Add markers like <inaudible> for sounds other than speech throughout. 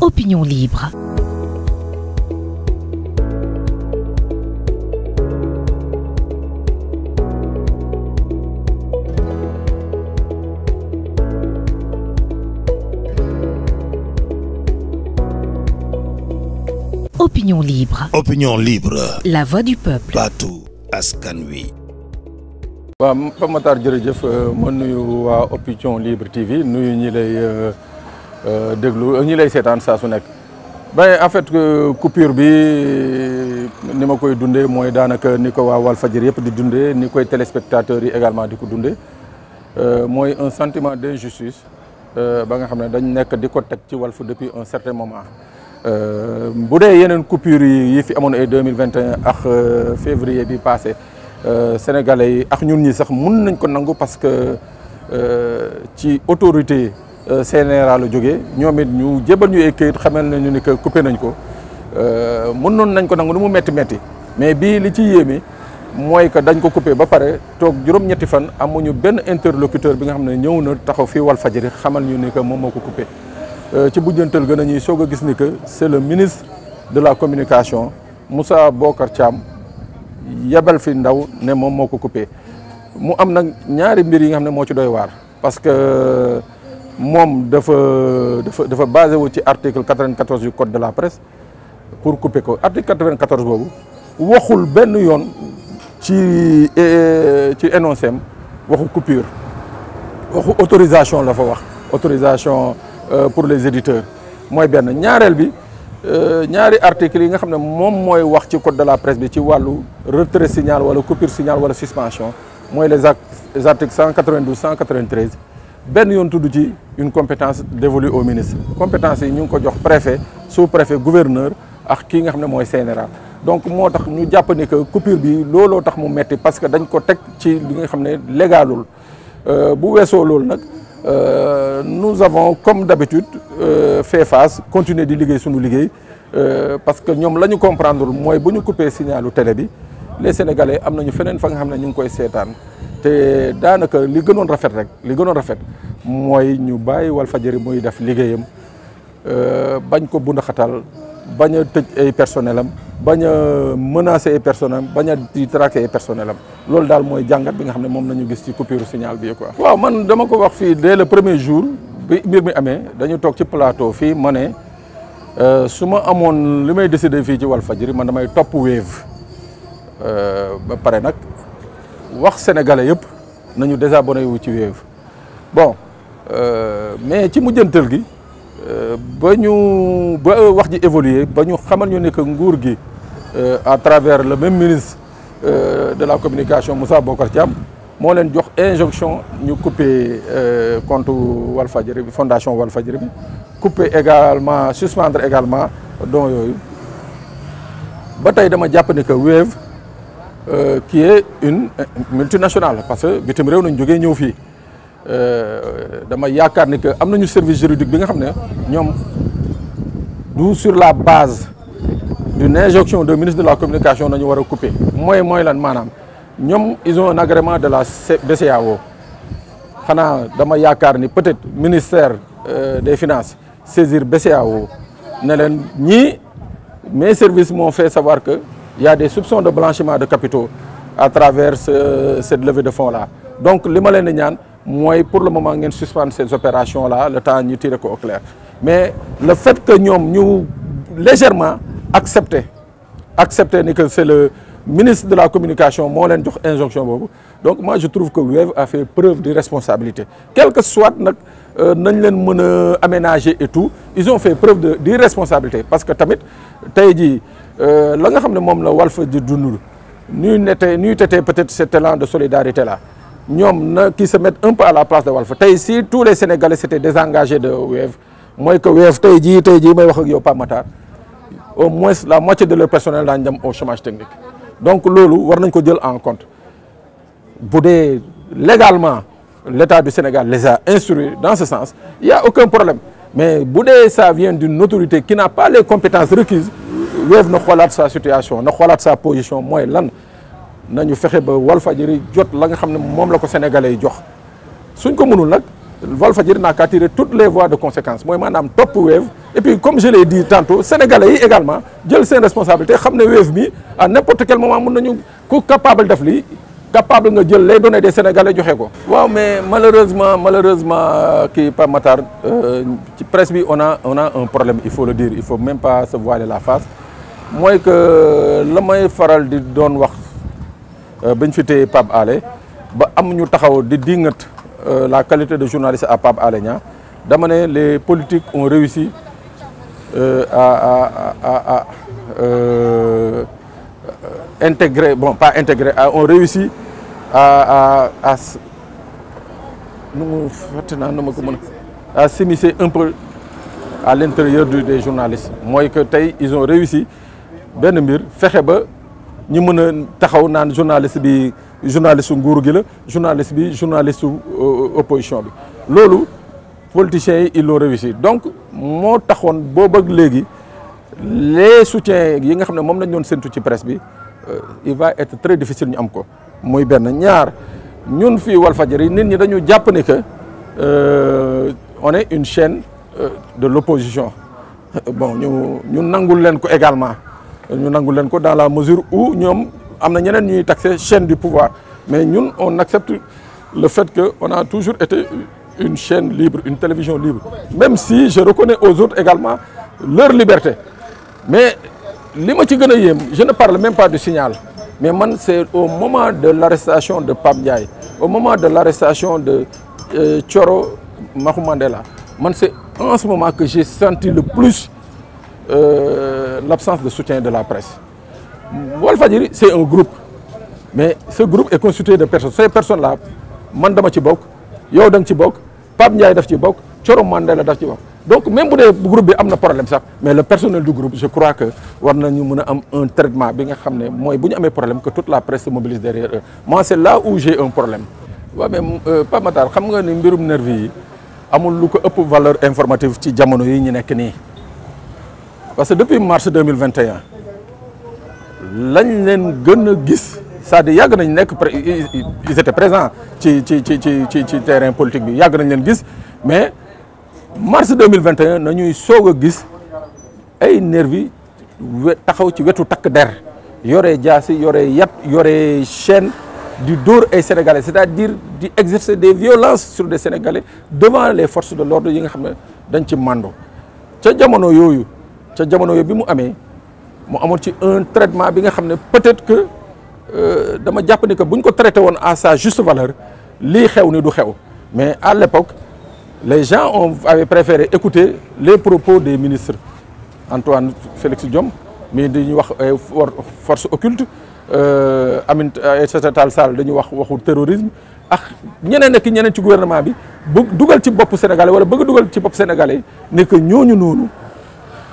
Opinion libre. Opinion libre. Opinion libre. La voix du peuple. Partout, askan wi. pas Pape Je jërëjëf euh, ma Opinion libre TV nuyu ñi lay. Euh, euh, déglu ñi lay seetaan saa su ben en fait coupure bi ni ma koy dundé moy danaka niko wa wal fadjir yëpp di dundé ni koy téléspectateurs yi également di ko dundee euh, mooy un sentiment d'injustice euh, ba nga xamné dañ nek diko ko ci Walf depuis un certain moment. euh dee yenen coupure yi fi amone ay 2021 ak février bi passé sénégalais yi ak ñun ñi sax mën nañ ko nangu parce que ci autorité Euh, CNRA la jógee ñoom it ñu jébal ñu ay këyit xamal nañu ni que coupé nañ ko euh, mënoon nañ ko nangu nu mu metti métti mais bii li ci yéeme mooy que dañ ko coupé ba pare toog juróom-ñetti fan amuñu benn interlocuteur bi nga xam ne ñëw na taxaw fii Walfadjri xamal ñu ni que moom moo ko coupé euh, ci bujjantal gën a ñuy soog a gis ni que c'est le ministre de la communication Moussa Bocar Thiam yebal fi ndaw ne moom moo ko coupé mu am nag ñaari mbir yi nga xam ne moo ci doy waar parce que je dafa basé l'article 94 du code de la presse pour couper ko article 94 boobu Ben Yon, ci eh, ci coupure autorisation la autorisation euh, pour les éditeurs mooy benn L'article bi euh, ñaari nga wax ci code de la presse tu ci le retrait signal wala coupure signal wala suspension Moi, les articles 192 193 ben yon tudd ci une compétence dévolue au ministre compétence yi ngi ko jox préfet sous préfet gouverneur ak ki nga xam moy mooy donc moo tax ñu jàpp ne que coupure bi lolo tax mu metti parce que dañ ko tek ci li nga xam légalul. Euh bu weesoo nak euh nous avons comme d'habitude euh, fait face continuer di sunu suñu euh parce que ñom lañu comprendre moy buñu couper signalu télé bi les sénégalais am nañu feneen fa nga xam ñu ngi koy sétane té danaka li gënon rafet rek li gënon rafet moy ñu wal fajeri moy def euh bañ ko bund xatal baña a ay personnelam baña menacer ay personnelam baña di traquer ay personnelam lool dal moy jangat bi nga xamne mom lañu gis ci coupure signal bi quoi. waaw man dama ko wax fi dès le premier jour bi mbir mi you dañu tok ci plateau fi mané euh suma amone limay décider fi ci fajeri man damay top Wave euh, ba paré nak wax sénégalais yépp nañu désabonné wu ci Wave bon euh, mais ci mujjantal gi euh, ba ñu ba euh, wax ji évoluer bañu xamal ñu ne nguur gi à travers le même ministre de la communication Moussa Bokar Thiam mo leen jox injonction ñu couper compte Walfadjri bi fondation Walfadjri bi couper également suspendre également don yoyu ba tay dama japp ne que Wave euh, qui est une multinationale parce que nous avons nañ jógee ñëw Euh, dama que service juridique bi nga sur la base d'une injonction du ministre de la communication Nous avons a moi et moi ils ont un agrément de la BCAO. xanaa dama que ni peut-être ministère euh, des finances saisir BCEAO la mes services m'ont fait savoir que il y a des soupçons de blanchiment de capitaux à travers cette levée de fonds-là. Donc, les Malènes moi, pour le moment, vous ces opérations-là, le temps nous tire au clair. Mais le fait que nous, légèrement accepté, accepté que c'est le ministre de la Communication, moi, injonction. Donc, moi, je trouve que l'UEV a fait preuve de responsabilité. Quel que soit notre euh, aménager et tout, ils ont fait preuve d'irresponsabilité. Parce que, as dit euh, la nga la Walf di peut-être cet élan de solidarité là nous qui se mettent un peu à la place de Walf Ici, si tous les Sénégalais s'étaient désengagés de WEF. Moi, que WEF, tey au moins la moitié de leur personnel est au chômage technique donc nous war nañ ko en compte Boudé légalement l'État du Sénégal les a instruits dans ce sens il n'y a aucun problème mais bu ça vient d'une autorité qui n'a pas les compétences requises Wave na xoolaat sa situation na xoolaat sa position Moi lan nañu fexe ba Walfadjri jot la nga xam ne moom la ko sénégalais yi jox suñ ko mënul nag Walfadjri n'a qu'à tirer toutes les voies de conséquence mooy madame, Top Wave et puis comme je l'ai dit tantôt sénégalais également jël seen responsabilité xam ne Wave à n'importe quel moment mën nañu capables capable def capable de jël les données des sénégalais joxe ko. waaw mais malheureusement malheureusement qui euh, pas Matar euh, ci presse bi on a on a un problème il faut le dire il faut même pas se voiler la face Moi, que euh, le may faral di don, wax bañ fi téye Pape Alé ba taxaw di la qualité de journaliste à Pape Alé dama les politiques ont réussi à à à à intégrés, bon pas intégrés, euh, ont réussi à, à, à, à s'immiscer un peu à l'intérieur des journalistes. Moi, que ils ont réussi, ben mur, faire que nous menons taxaw nan journaliste bi journaliste nguur gi la journaliste bi journaliste euh, opposition bi lolu politiciens ils l'ont réussi donc mon taxone boo les soutiens yi nga xam mom lañ doon ci presse bi euh, il va être très difficile Nous sommes ko euh, on est une chaîne euh, de l'opposition bon ñu également ñu dans la mesure où nous avons chaîne du pouvoir mais nous, on accepte le fait qu'on a toujours été une chaîne libre une télévision libre même si je reconnais aux autres également leur liberté mais je ne parle même pas du signal mais c'est au moment de l'arrestation de Pape au moment de l'arrestation de Choro euh, Mahomandela, Mandela c'est en ce moment que j'ai senti le plus euh, l'absence de soutien de la presse Walfadiri c'est un groupe mais ce groupe est constitué de personnes ces personnes là man dama Yodan Mandela donc même si le groupe a des problèmes, problème mais le personnel du groupe je crois que nous avons un traitement bi nga avons ne problème que toute la presse se mobilise derrière eux moi c'est là où j'ai un problème Je mais euh, pas Matar xam nga ni mbirum nervi amul valeur informative ci jamono yi ñu parce que depuis mars 2021 lañ leen ont a gis cest à ils étaient présents sur ci terrain politique Ils ont nañ mais mars 2021 nañuy soog gis ay nervi taxaw ci wetu tak der yoré jassi yoré yat yoré chaîne du dóor et sénégalais c'est-à-dire di exercer des violences sur des sénégalais devant les forces de l'ordre yi nga xamné dañ ci mando ca jamono yoyu ca jamono yooyu bi mu amé mu amoon ci un traitement bi nga xamné peut-être que euh, dama japp ni que buñ ko traité won à sa juste valeur li xew ni du xew mais à l'époque les gens ont, avaient préféré écouter les propos des ministres Antoine Félix Diom mais de wax euh, force occulte euh, Aminata Aïssata euh, Tall Sall dañuy wax waxu terrorisme ak ñeneen ak ñeneen ci gouvernement bi Dougal dugal ci bopp sénégalais wala bëgg dugal ci sénégalais que ñooñu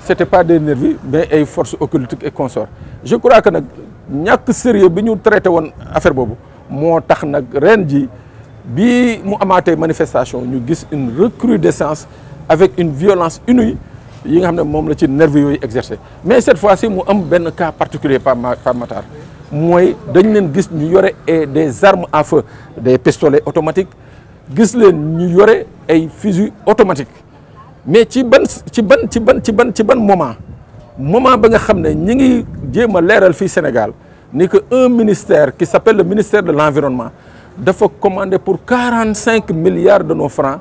Ce c'était pas des nervis mais des forces occultes et consorts je crois que nag ñàkk sérieux bi ñu traité affaire boobu moo tax nag bi mu manifestations, manifestation ñu eu une recrudescence avec une violence inouïe Nous avons eu des moom la mais cette fois-ci mu am un cas particulier par par Matar Nous avons leen des armes à feu des pistolets automatiques Nous avons ñu des fusils automatiques. mais ci ban ci ban ci ban ci ban moment moment ba nga xam ñi ngi jéem a fi Sénégal ni que un ministère qui s'appelle le ministère de l'environnement faut commandé pour 45 milliards de nos francs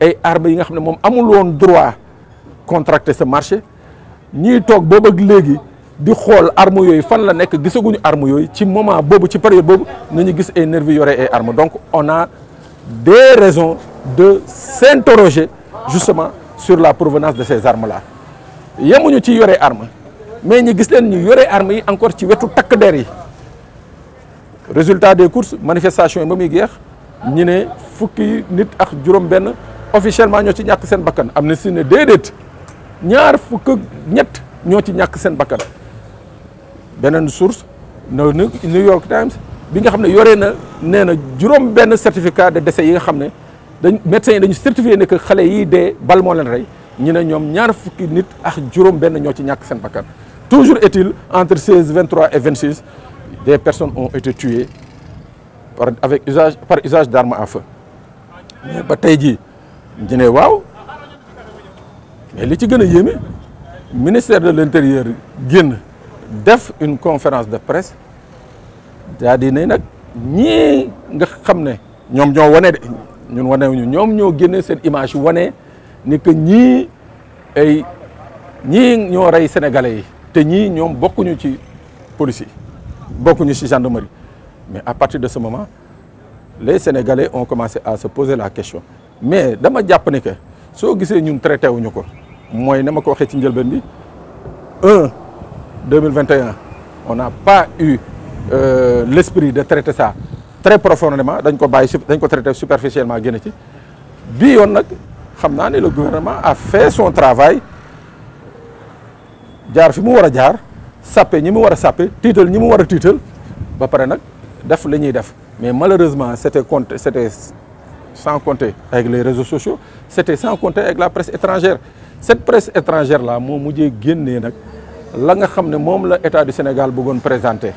et armes yi nga le droit droit contracter ce marché Nous avons boobu ak léegi di xol arme yoy fan la nek gissaguñu armes yoy ci moment bobu ci période bobu nañu giss ay yore armes donc on a des raisons de s'interroger justement sur la provenance de ces armes là yamuñu ci yore armes mais ñi giss len ñu armes yi encore ci wetu tak der yi résultat des courses manifestation yi ba muy geex ñu les nit ak juróom officiellement ñoo ci ñàkk seen bakkan amna ci si ne déedéet ñaar fuk ñet ñoo ci ñàkk seen bakkan benen source le New York Times bi nga xam yoré na néna juroom certificat de décès yi nga dañ médecins ont dañu certifié ne que les yi dé bal mo len ray ñu ne ñoom ñaar fuk nit ak juroom benn ñoo ci bakkan toujours est-il entre 16 23 et 26 des personnes ont été tuées par, avec usage, par usage d'armes à feu. Mais ba mais li ci ministère de l'intérieur a def une conférence de presse da di dit que ñi nga image wane ni que ay ñoo sénégalais te ñom bokku ñu Beaucoup sont ci gendarmerie mais à partir de ce moment les sénégalais ont commencé à se poser la question mais dama jàpp ne que si on ñun traité wuñu ko mooy na pas ko ci un 2021 on n'a pas eu euh, l'esprit de traiter ça très profondément on ko traité superficiellement Bien, ci le gouvernement a fait son travail il fi mu a sapé ñi mu wara sapé titel ñi mu wara titel ba paré nak def li ñuy def mais malheureusement c'était compte c'était sans compter avec les réseaux sociaux c'était sans compter avec la presse étrangère cette presse étrangère là mo mujjé génné nak la nga xamné mom la état du Sénégal bëggoon présenter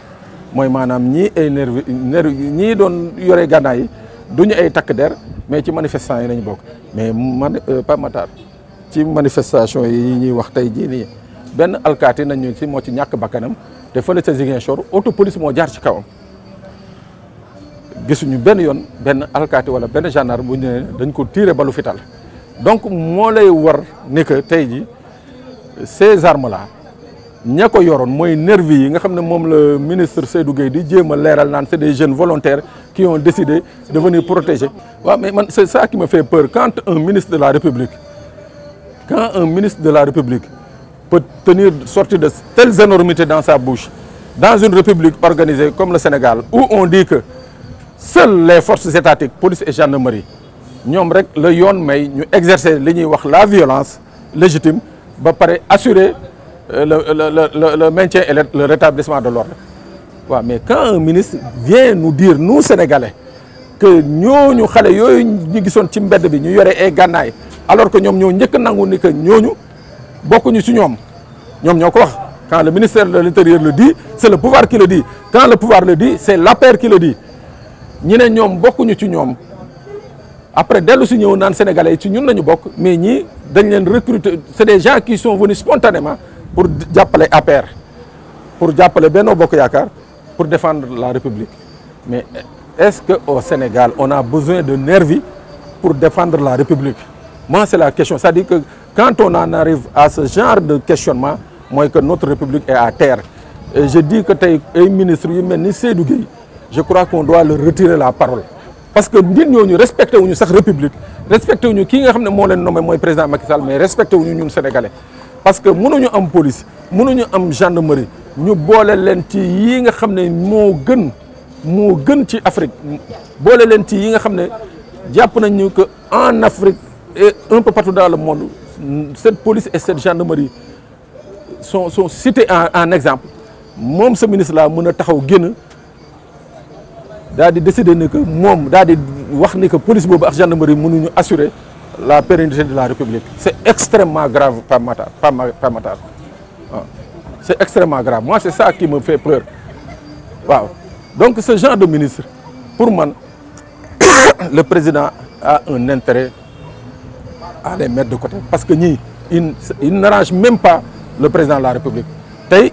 moy manam ñi ay nervi ñii doon yore gànnaay yi duñu ay tak der mais ci manifestants yi nañ bok mais man euh, pas Matar ci manifestation yi ñi wax tay ji ni ben alkaati nañ ñu si moo ci ñàkk bakkanam te fële sa Ziguinchor auto police mo jaar ci kawam gisuñu ben yon, ben alkaté wala ben gendarme bu ñu dañ ko tirer balu fital donc mo lay war ne que tay ji ces armes là ñako yoron moy mooy nervi yi nga xamné mom le ministre Seydou Gueye di jéem a leeral c'est des jeunes volontaires qui ont décidé de venir protéger wa mais man c'est ça qui me fait peur quand un ministre de la République quand un ministre de la République peut tenir, sortir de telles énormités dans sa bouche, dans une république organisée comme le Sénégal, où on dit que seules les forces étatiques, police et gendarmerie, ñoom rek la may exercer la violence légitime pour assurer euh, le le le maintien et le rétablissement de l'ordre mais quand un ministre vient nous dire nous sénégalais que nous sommes nous ñu gisoon ci mbedd bi ñu yore ay gànnaay alors que nous ñoo njëkk nangu ni que ñooñu Beaucoup ci ñoom quand le ministère de l'intérieur le dit c'est le pouvoir qui le dit quand le pouvoir le dit c'est l'appel qui le dit Ils sont beaucoup beaucoup ci après dès que nous sommes sénégalais nous ci ñun mais nous dañ c'est des gens qui sont venus spontanément pour appeler APR pour appeler Benno Bokk pour défendre la République mais est-ce qu'au Sénégal on a besoin de nervis pour défendre la République moi c'est la question c'est-à-dire que quand on en arrive à ce genre de questionnement, moi que notre République est à terre. Et je dis que tu es ministre, mais Seydou Gueye, je crois qu'on doit leur retirer la parole. Parce que nous, nous respectons notre République, respectons nous, qui est le président Macky Sall, mais respectons nous, nous Sénégalais. Parce que nous avons une police, nous avons une gendarmerie, nous avons des qui yi nga xamné mo gën mo gën ci Afrique bolé lenti yi nga xamné japp que en Afrique et un peu partout dans le monde cette police et cette gendarmerie sont sont cités en exemple Même ce ministre là mon a taxaw décidé que la police et ak gendarmerie nous assurer la pérennité de la république. C'est extrêmement grave pas ma pas ah. C'est extrêmement grave moi c'est ça qui me fait peur donc ce genre de ministre pour moi, <coughs> le président a un intérêt à les mettre de côté. Parce que ni, n'arrangent même pas le président de la République.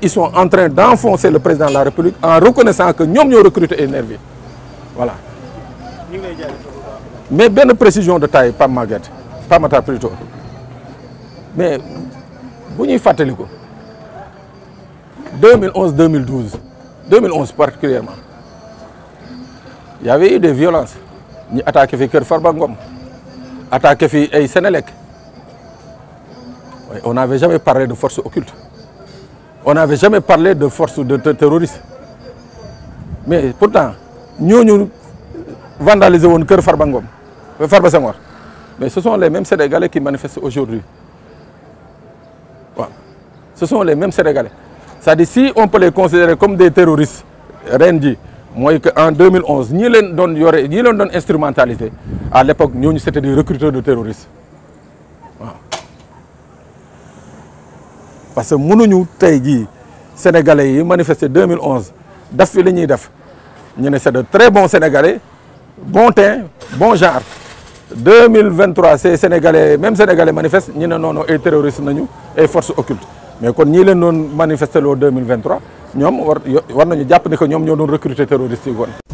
Ils sont en train d'enfoncer le président de la République en reconnaissant que nous avons recruté énervé. Voilà. Mais une précision de taille, pas Maguette, pas plutôt. Mais, si vous 2011-2012, 2011 particulièrement, il y avait eu des violences. ont attaqué de Farbangom ay on n'avait jamais parlé de force occulte on n'avait jamais parlé de force de terroriste mais pourtant nous avons vandalisé notre cœur farbangom mais ce sont les mêmes Sénégalais qui manifestent aujourd'hui ce sont les mêmes Sénégalais c'est-à-dire si on peut les considérer comme des terroristes rien dit moi que en 2011 ñi leen une instrumentalité. à l'époque, nous étaient des recruteurs de terroristes parce que nous avons les sénégalais yi manifester 2011 Nous fi li ñuy def de très bons sénégalais bon teint bon genre 2023 même sénégalais même sénégalais manifestent, nous sommes non terroristes et et forces occultes mais quand ñi leen en 2023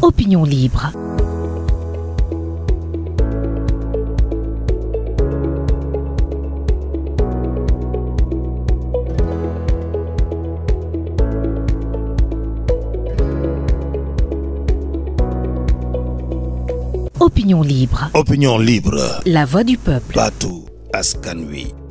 opinion libre. Opinion libre. Opinion libre. La voix du peuple. Partout, askan